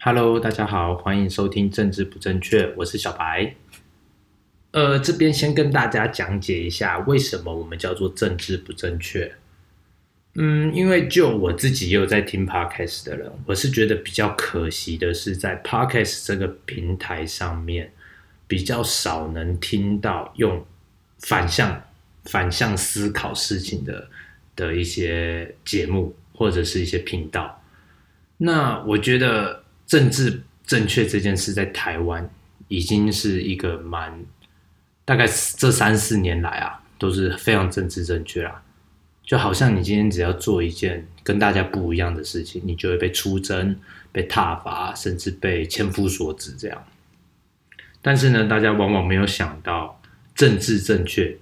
Hello，大家好，歡迎收聽《政治不正確》，我是小白。呃，這邊先跟大家講解一下為什麼我們叫做“政治不正確”。嗯，因為就我自己也有在聽 Podcast 的人，我是覺得比較可惜的是，在 Podcast 這個平台上面，比較少能聽到用反向反向思考事情的的一些節目或者是一些頻道。那我覺得。政治正確這件事在台灣已經是一個蠻大概這三四年來啊都是非常政治正確啦，就好像你今天只要做一件跟大家不一樣的事情，你就會被出征、被撻伐，甚至被千夫所指這樣。但是呢，大家往往沒有想到政治正確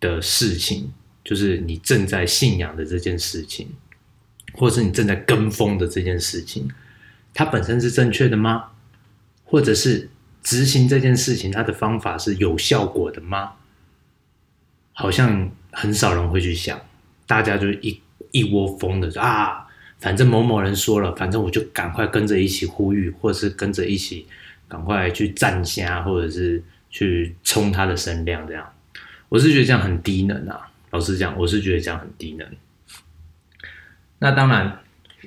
的事情，就是你正在信仰的這件事情，或是你正在跟風的這件事情。它本身是正確的嗎？或者是執行這件事情，它的方法是有效果的嗎？好像很少人會去想，大家就一一窩蜂的說啊，反正某某人說了，反正我就趕快跟着一起呼籲，或者是跟着一起趕快去站下，或者是去衝他的聲量這樣。我是覺得這樣很低能啊，老實講，我是覺得這樣很低能。那當然。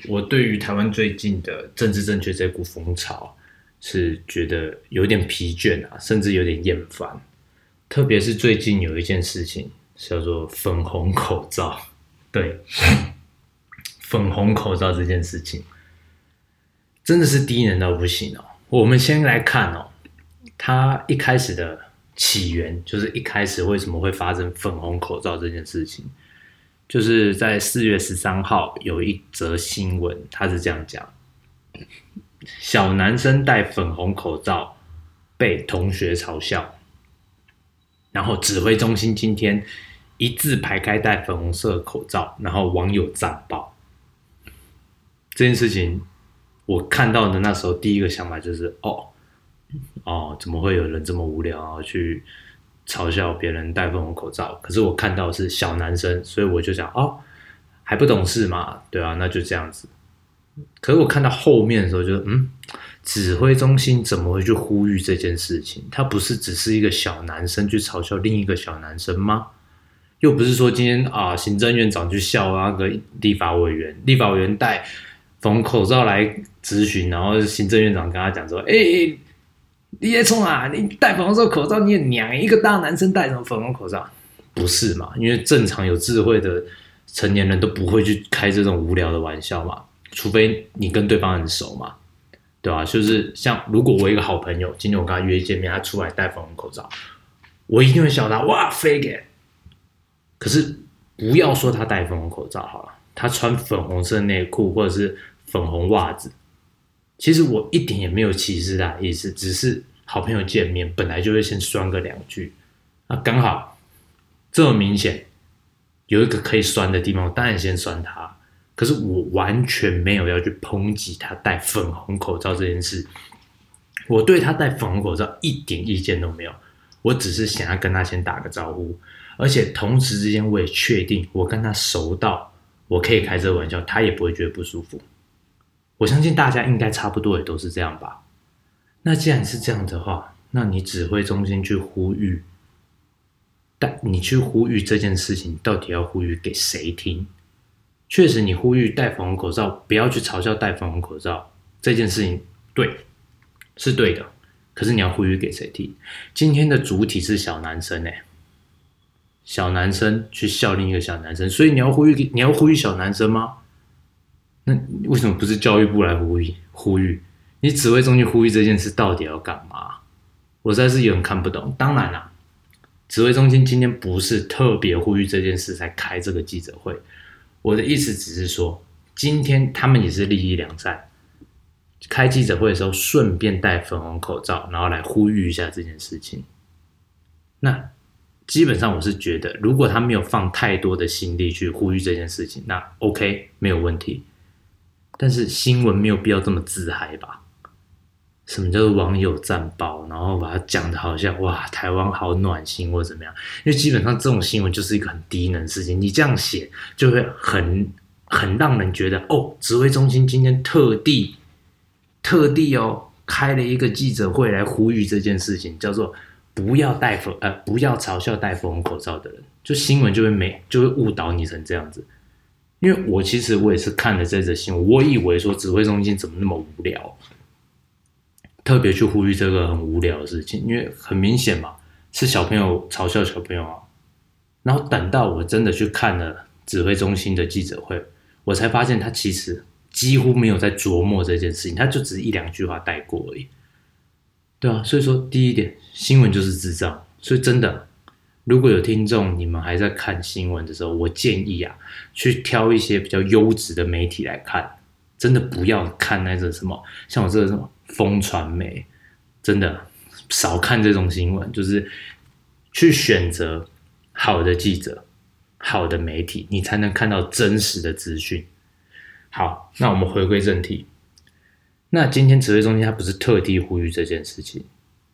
我對於台灣最近的政治正確這股風潮，是覺得有點疲倦啊，甚至有點厭煩。特別是最近有一件事情叫做“粉紅口罩”，對“粉紅口罩”這件事情，真的是低能到不行哦。我們先來看哦，它一開始的起源，就是一開始為什麼會發生“粉紅口罩”這件事情。就是在四月十三號有一則新聞，他是這樣講：小男生戴粉紅口罩被同學嘲笑，然後指揮中心今天一字排開戴粉紅色的口罩，然後網友炸爆。這件事情我看到的那時候第一個想法就是：哦哦，怎麼會有人這麼無聊、啊、去？嘲笑別人戴粉紅口罩，可是我看到是小男生，所以我就想：「哦，還不懂事嘛，對啊，那就這樣子。可是我看到後面的時候就，就嗯，指揮中心怎麼會去呼籲這件事情？他不是只是一個小男生去嘲笑另一個小男生嗎？又不是說今天啊，行政院長去笑那個立法委員，立法委員戴粉紅口罩來質詢，然後行政院長跟他講說，哎、欸。爹衝啊！你戴粉紅色口罩，你也娘、欸！一個大男生戴什麼粉紅口罩？不是嘛？因為正常有智慧的成年人都不會去開這種無聊的玩笑嘛，除非你跟對方很熟嘛，對吧、啊？就是像如果我一個好朋友，今天我跟他約見面，他出來戴粉紅口罩，我一定會笑他。哇，飛給！可是不要說他戴粉紅口罩好了，他穿粉紅色內褲或者是粉紅襪子。其實我一點也沒有歧視他的意思，只是好朋友見面本來就會先酸個兩句，啊，剛好這麼明顯有一個可以酸的地方，我當然先酸他。可是我完全沒有要去抨擊他戴粉紅口罩這件事，我對他戴粉紅口罩一點意見都沒有。我只是想要跟他先打個招呼，而且同時之間我也確定我跟他熟到我可以開這個玩笑，他也不會覺得不舒服。我相信大家應該差不多也都是這樣吧。那既然是這樣的話，那你指揮中心去呼籲，但你去呼籲這件事情，到底要呼籲給誰聽？確實，你呼籲戴粉紅口罩，不要去嘲笑戴粉紅口罩這件事情，對，是對的。可是你要呼籲給誰聽？今天的主體是小男生哎、欸，小男生去笑另一個小男生，所以你要呼籲，你要呼籲小男生嗎？那為什麼不是教育部來呼籲？呼籲你指揮中心呼籲這件事到底要幹嘛？我實在是有點看不懂。當然啦，指揮中心今天不是特別呼籲這件事才開這個記者會。我的意思只是說，今天他們也是利益兩站，開記者會的時候順便戴粉紅口罩，然後來呼籲一下這件事情。那基本上我是覺得，如果他沒有放太多的心力去呼籲這件事情，那 OK 沒有問題。但是新聞沒有必要這麼自嗨吧？什麼叫做網友讚爆，然後把它講的好像哇，台灣好暖心或者怎麼樣？因為基本上這種新聞就是一個很低能的事情，你這樣寫就會很很讓人覺得哦，指揮中心今天特地特地哦開了一個記者會來呼籲這件事情，叫做不要戴粉呃不要嘲笑戴粉口罩的人，就新聞就會沒就會誤導你成這樣子。因為我其實我也是看了這則新聞，我以為說指揮中心怎麼那麼無聊，特別去呼籲這個很無聊的事情，因為很明顯嘛，是小朋友嘲笑小朋友啊。然後等到我真的去看了指揮中心的記者會，我才發現他其實幾乎沒有在琢磨這件事情，他就只是一兩句話帶過而已。對啊，所以說第一點，新聞就是智障，所以真的。如果有聽眾，你們還在看新聞的時候，我建議啊，去挑一些比較優質的媒體來看，真的不要看那種什麼，像我這個什麼瘋傳媒，真的少看這種新聞，就是去選擇好的記者、好的媒體，你才能看到真實的資訊。好，那我們回歸正題，那今天指揮中心他不是特地呼籲這件事情，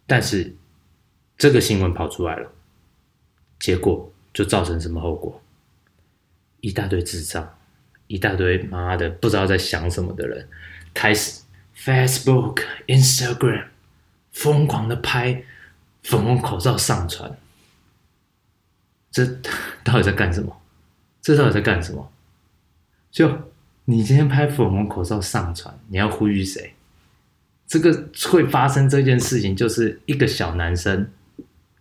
但是這個新聞跑出來了。結果就造成什麼後果？一大堆智障，一大堆媽媽的不知道在想什麼的人，開始 Facebook、Instagram 瘋狂的拍粉紅口罩上傳。這到底在幹什麼？這到底在幹什麼？就你今天拍粉紅口罩上傳，你要呼籲誰？這個會發生這件事情，就是一個小男生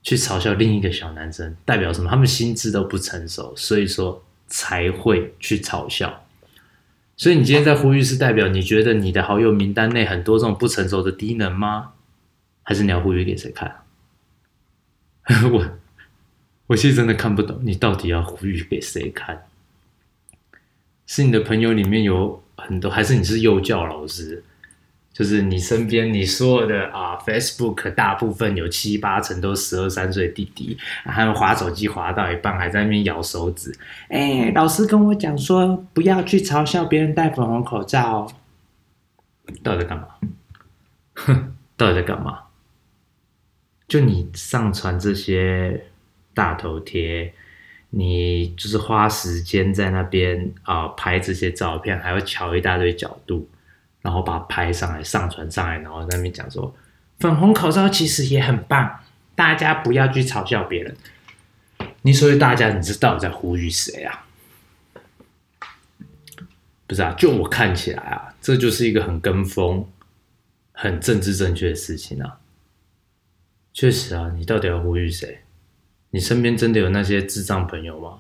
去嘲笑另一個小男生代表什麼？他們心智都不成熟，所以說才會去嘲笑。所以你今天在呼籲，是代表你覺得你的好友名單內很多這種不成熟的低能嗎？還是你要呼籲給誰看？我，我其實真的看不懂你到底要呼籲給誰看？是你的朋友裡面有很多，還是你是幼教老師？就是你身邊，你所有的啊，Facebook 大部分有七八成都十二三歲的弟弟，還有滑手機滑到一半，還在那邊咬手指。哎，老師跟我講說，不要去嘲笑別人戴粉紅口罩哦。到底在幹嘛？哼，到底在幹嘛？就你上傳這些大頭貼，你就是花時間在那邊啊、呃，拍這些照片，還要瞧一大堆角度。然後把它拍上來，上傳上來，然後在那邊講說，粉紅口罩其實也很棒，大家不要去嘲笑別人。你說的大家，你知道在呼籲誰啊？不是啊，就我看起來啊，這就是一個很跟風、很政治正確的事情啊。確實啊，你到底要呼籲誰？你身邊真的有那些智障朋友嗎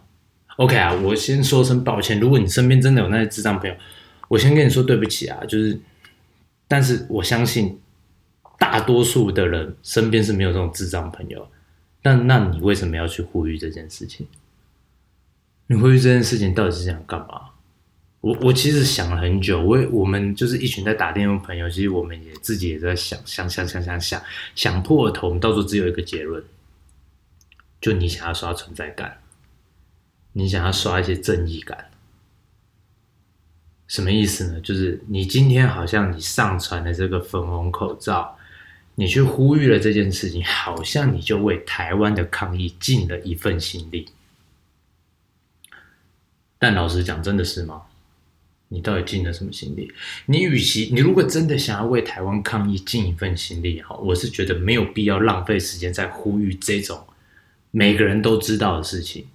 ？OK 啊，我先說聲抱歉，如果你身邊真的有那些智障朋友。我先跟你說對不起啊，就是，但是我相信大多數的人身邊是沒有這種智障朋友，但那你為什麼要去呼籲這件事情？你呼籲這件事情到底是想幹嘛？我我其實想了很久，我也我們就是一群在打電話朋友，其實我們也自己也在想想想想想想想破了頭，我們到時候只有一個結論，就你想要刷存在感，你想要刷一些正義感。什麼意思呢？就是你今天好像你上傳的這個粉紅口罩，你去呼籲了這件事情，好像你就為台灣的抗疫盡了一份心力。但老實講，真的是嗎？你到底盡了什麼心力？你與其你如果真的想要為台灣抗疫盡一份心力，好，我是覺得沒有必要浪費時間在呼籲這種每個人都知道的事情。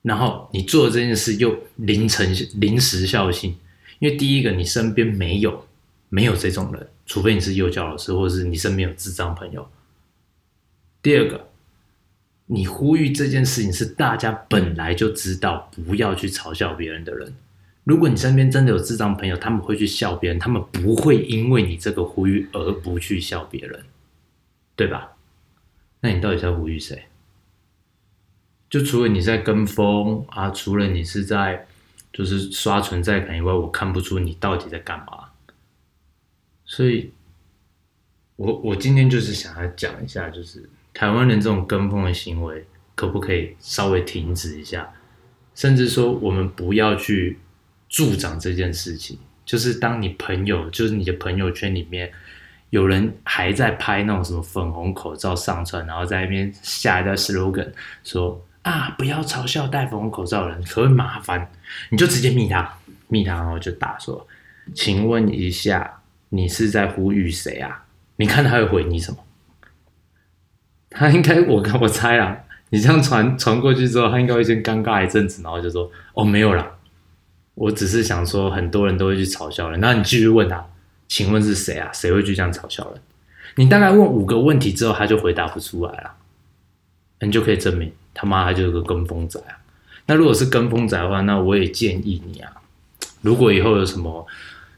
然後你做這件事又凌晨，零時效性。因為第一個，你身邊沒有沒有這種人，除非你是幼教老師，或者是你身邊有智障朋友。第二個，你呼籲這件事情是大家本來就知道不要去嘲笑別人的人。如果你身邊真的有智障朋友，他們會去笑別人，他們不會因為你這個呼籲而不去笑別人，對吧？那你到底在呼籲誰？就除了你在跟風啊，除了你是在。就是刷存在感以外，我看不出你到底在幹嘛。所以，我我今天就是想要講一下，就是台灣人這種跟風的行為，可不可以稍微停止一下？甚至說，我們不要去助長這件事情。就是當你朋友，就是你的朋友圈裡面有人還在拍那種什麼粉紅口罩上傳，然後在那邊下一段 slogan 說。啊！不要嘲笑戴粉紅口罩的人，可會麻煩。你就直接密他，密他，然後就打說：“請問一下，你是在呼籲誰啊？”你看他會回你什麼？他應該，我看我猜啊，你這樣傳傳過去之後，他應該會先尷尬一陣子，然後就說：“哦，沒有啦，我只是想說很多人都會去嘲笑人。”那你繼續問他：“請問是誰啊？誰會去這樣嘲笑人？”你大概問五個問題之後，他就回答不出來啦，你就可以證明。他媽，他就是個跟風仔啊！那如果是跟風仔的話，那我也建議你啊，如果以後有什麼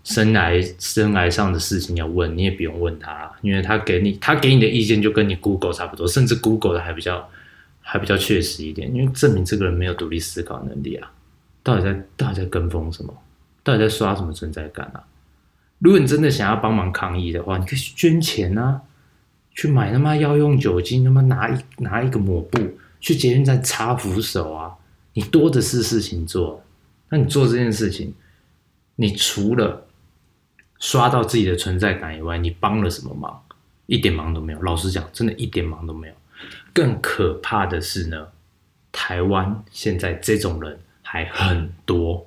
生來生來上的事情要問，你也不用問他啊，因為他給你他給你的意見就跟你 Google 差不多，甚至 Google 的還比較還比較確實一點，因為證明這個人沒有獨立思考能力啊！到底在到底在跟風什麼？到底在刷什麼存在感啊？如果你真的想要幫忙抗議的話，你可以去捐錢啊，去買他媽藥用酒精，他媽拿一拿一個抹布。去捷運站查扶手啊，你多的是事情做，那你做這件事情，你除了刷到自己的存在感以外，你幫了什麼忙？一點忙都沒有。老實講，真的一點忙都沒有。更可怕的是呢，台灣現在這種人還很多。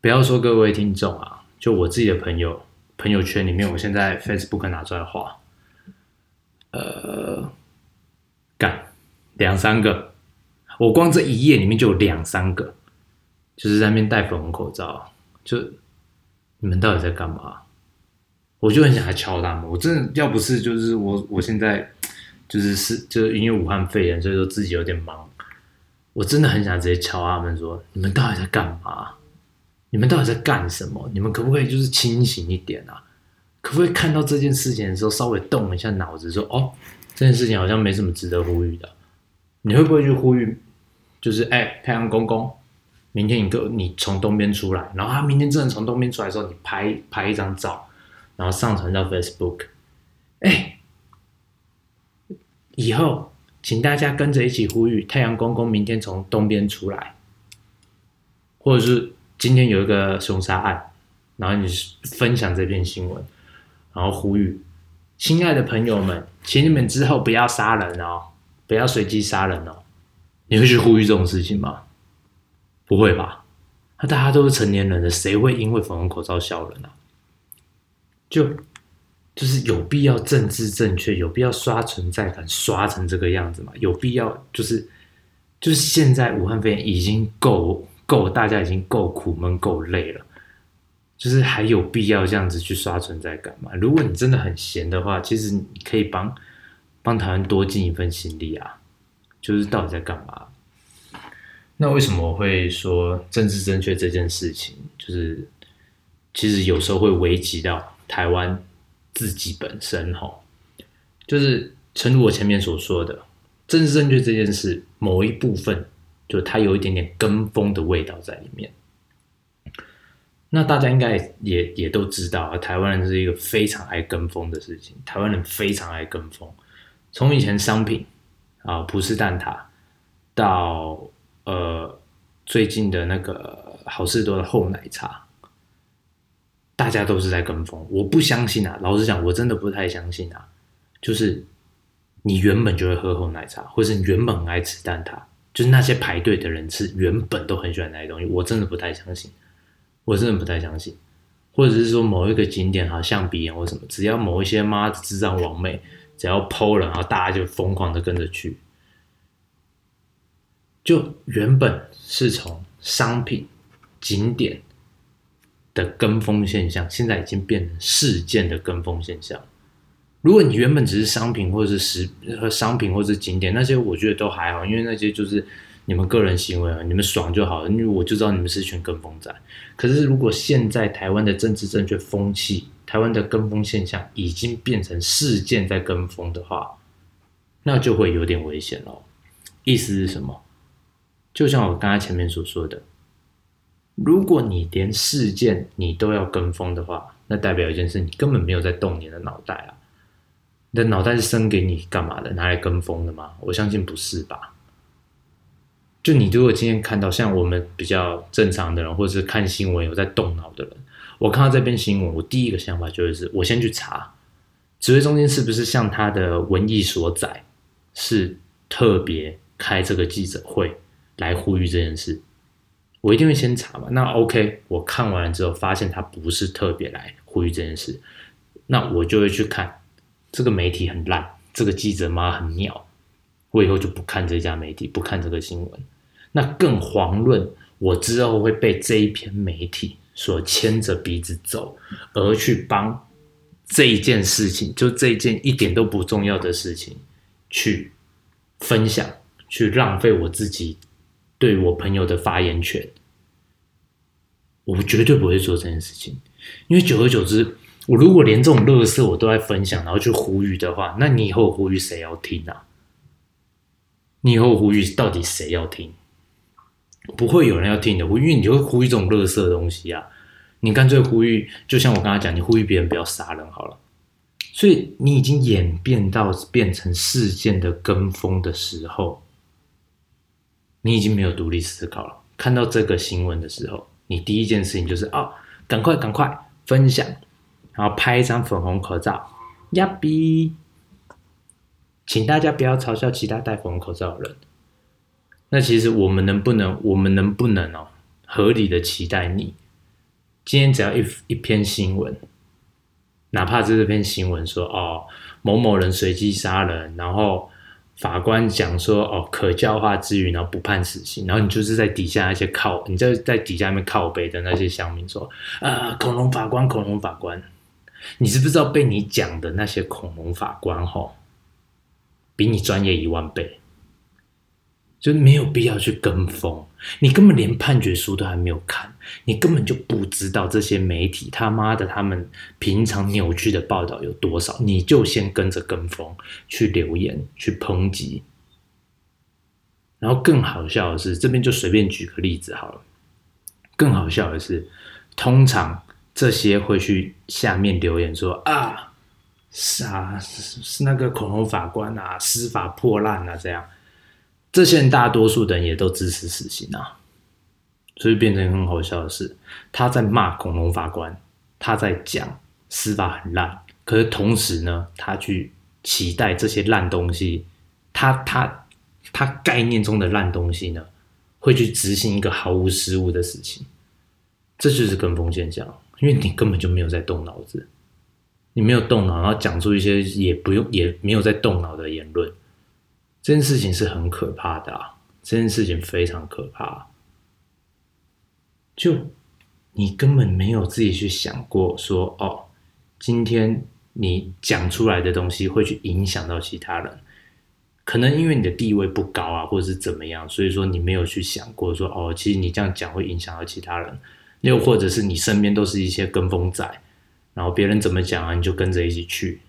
不要說各位聽眾啊，就我自己的朋友，朋友圈裡面，我現在 Facebook 拿出來畫，呃，幹。兩三個，我光這一頁裡面就有兩三個，就是在那邊戴粉紅口罩，就你們到底在幹嘛？我就很想來敲他們。我真的要不是就是我，我現在就是是就是因為武漢肺炎，所以說自己有點忙。我真的很想直接敲他們說：你們到底在幹嘛？你們到底在幹什麼？你們可不可以就是清醒一點啊？可不可以看到這件事情的時候稍微動一下腦子說，說哦，這件事情好像沒什麼值得呼籲的。你會不會去呼籲？就是哎、欸，太陽公公，明天你就你從東邊出來，然後他明天真的從東邊出來的時候，你拍拍一張照，然後上傳到 Facebook。哎、欸，以後請大家跟着一起呼籲太陽公公明天從東邊出來，或者是今天有一個兇殺案，然後你分享這篇新聞，然後呼籲親愛的朋友們，請你們之後不要殺人哦。不要隨機殺人哦！你會去呼籲這種事情嗎？不會吧？那大家都是成年人了，誰會因為粉紅口罩笑人呢？啊？就就是有必要政治正確，有必要刷存在感，刷成這個樣子嗎？有必要就是就是現在武漢肺炎已經夠夠，大家已經夠苦悶、夠累了，就是還有必要這樣子去刷存在感嗎？如果你真的很閒的話，其實你可以幫。幫台灣多盡一份心力啊！就是到底在幹嘛？那為什麼我會說政治正確這件事情，就是其實有時候會危及到台灣自己本身哈？就是誠如我前面所說的，政治正確這件事某一部分，就它有一點點跟風的味道在裡面。那大家應該也也都知道啊，台灣人是一個非常愛跟風的事情，台灣人非常愛跟風。從以前商品啊，葡式蛋撻，到呃最近的那個好市多的厚奶茶，大家都是在跟風。我不相信啊，老實講，我真的不太相信啊。就是你原本就會喝厚奶茶，或是你原本很愛吃蛋撻，就是那些排隊的人是原本都很喜歡那些東西。我真的不太相信，我真的不太相信。或者是說某一個景點哈、啊，象鼻岩或什麼，只要某一些媽的智障網美，只要 PO 了，然後大家就瘋狂的跟着去，就原本是從商品、景點的跟風現象，現在已經變成事件的跟風現象。如果你原本只是商品或是，或者是和商品，或者是景點，那些我覺得都還好，因為那些就是。你們個人行為啊，你們爽就好，因為我就知道你們是一群跟風仔。可是，如果現在台灣的政治正確風氣、台灣的跟風現象已經變成事件在跟風的話，那就會有點危險咯。意思是什麼？就像我剛才前面所說的，如果你連事件你都要跟風的話，那代表一件事，你根本沒有在動你的腦袋啊。你的腦袋是生給你幹嘛的？拿來跟風的嗎？我相信不是吧。就你如果今天看到像我們比較正常的人，或者是看新聞有在動腦的人，我看到這篇新聞，我第一個想法就是，我先去查，指揮中心是不是像他的文藝所載，是特別開這個記者會來呼籲這件事，我一定會先查嘛。那 OK，我看完了之後，發現他不是特別來呼籲這件事，那我就會去看這個媒體很爛，這個記者媽很妙。我以後就不看這家媒體，不看這個新聞，那更遑論我之後會被這一篇媒體所牽着鼻子走，而去幫這一件事情，就這一件一點都不重要的事情去分享，去浪費我自己對我朋友的發言權。我絕對不會做這件事情，因為久而久之，我如果連這種樂色我都在分享，然後去呼籲的話，那你以後呼籲誰要聽啊？你以後呼籲到底誰要聽？不會有人要聽你的呼籲，因為你會呼籲這種垃圾的東西啊！你乾脆呼籲，就像我剛剛講，你呼籲別人不要殺人好了。所以你已經演變到變成事件的跟風的時候，你已經沒有獨立思考了。看到這個新聞的時候，你第一件事情就是啊、哦，趕快趕快分享，然後拍一張粉紅口罩，呀比。請大家不要嘲笑其他戴粉紅口罩的人。那其實我們能不能，我們能不能哦，合理的期待你，今天只要一一篇新聞，哪怕是這篇新聞說哦，某某人隨機殺人，然後法官講說哦，可教化之餘，然後不判死刑，然後你就是在底下那些靠，你在在底下面靠北的那些鄉民說啊、呃，恐龍法官，恐龍法官，你知不知道被你講的那些恐龍法官吼？比你專業一萬倍，就沒有必要去跟風。你根本連判決書都還沒有看，你根本就不知道這些媒體他媽的他們平常扭曲的報道有多少。你就先跟着跟風去留言，去抨擊，然後更好笑的是，這邊就隨便舉個例子好了。更好笑的是，通常這些會去下面留言說啊。是啊，是是那個恐龍法官啊，司法破爛啊，這樣，這些人大多數的人也都支持死刑啊，所以變成很好笑的事。他在罵恐龍法官，他在講司法很爛，可是同時呢，他去期待這些爛東西，他他他概念中的爛東西呢，會去執行一個毫無失誤的事情，這就是跟風現象，因為你根本就沒有在動腦子。你沒有動腦，然後講出一些也不用，也沒有在動腦的言論，這件事情是很可怕的啊，這件事情非常可怕。就你根本沒有自己去想過說，說哦，今天你講出來的東西會去影響到其他人。可能因為你的地位不高啊，或者是怎麼樣，所以說你沒有去想過說，說哦，其實你這樣講會影響到其他人。又或者是你身邊都是一些跟風仔。然後別人怎麼講啊，你就跟着一起去，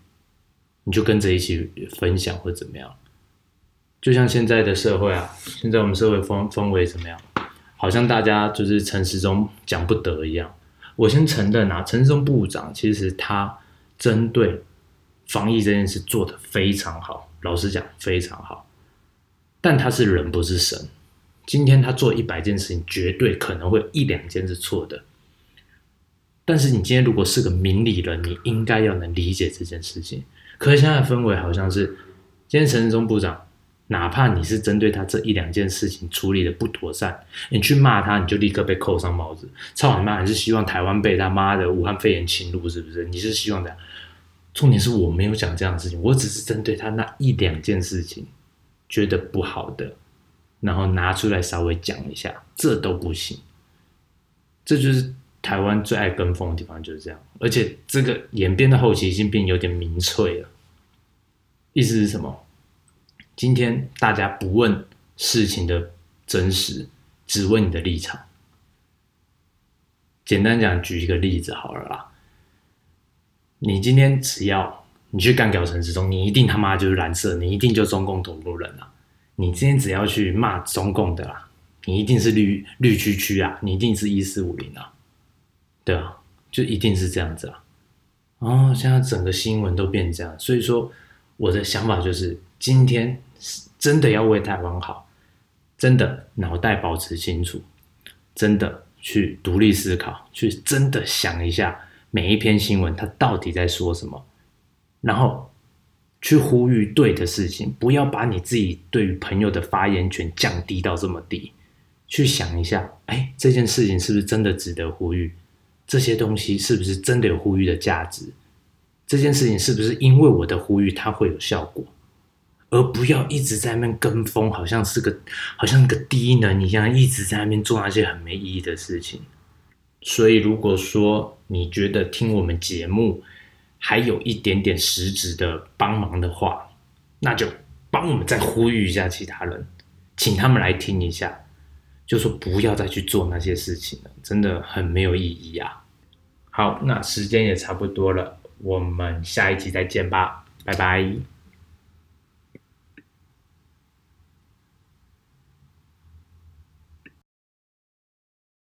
你就跟着一起分享或怎麼樣。就像現在的社會啊，現在我們社會風氛圍怎麼樣？好像大家就是陳時中講不得一樣。我先承認啊，陳時中部長其實他針對防疫這件事做得非常好，老實講非常好。但他是人不是神，今天他做一百件事情，絕對可能會一兩件是錯的。但是你今天如果是個明理人，你應該要能理解這件事情。可是現在的氛圍好像是，今天陳時中部長，哪怕你是針對他這一兩件事情處理得不妥善，你去罵他，你就立刻被扣上帽子。操你媽！你是希望台灣被他媽的武漢肺炎侵入，是不是？你是希望的？重點是我沒有講這樣的事情，我只是針對他那一兩件事情覺得不好的，然後拿出來稍微講一下，這都不行。這就是。台灣最愛跟風的地方就是這樣，而且這個演變的後期已經變有點民粹了。意思是什麼？今天大家不問事情的真實，只問你的立場。簡單講，舉一個例子好了啦。你今天只要你去幹掉陳時中，你一定他媽就是藍色，你一定就中共同路人啊！你今天只要去罵中共的啦，啊，你一定是綠綠區區啊，你一定是一四五零啊！對啊，就一定是這樣子啊。哦，現在整個新聞都變這樣，所以說我的想法就是，今天真的要為台灣好，真的腦袋保持清楚，真的去獨立思考，去真的想一下每一篇新聞它到底在說什麼，然後去呼籲對的事情，不要把你自己對於朋友的發言權降低到這麼低。去想一下，哎，這件事情是不是真的值得呼籲？這些東西是不是真的有呼籲的價值？這件事情是不是因為我的呼籲它會有效果？而不要一直在那邊跟風，好像是個好像個低能一樣，一直在那邊做那些很沒意義的事情。所以，如果說你覺得聽我們節目還有一點點實質的幫忙的話，那就幫我們再呼籲一下其他人，請他們來聽一下。就說不要再去做那些事情了，真的很沒有意義啊。好，那時間也差不多了，我們下一集再見吧，拜拜。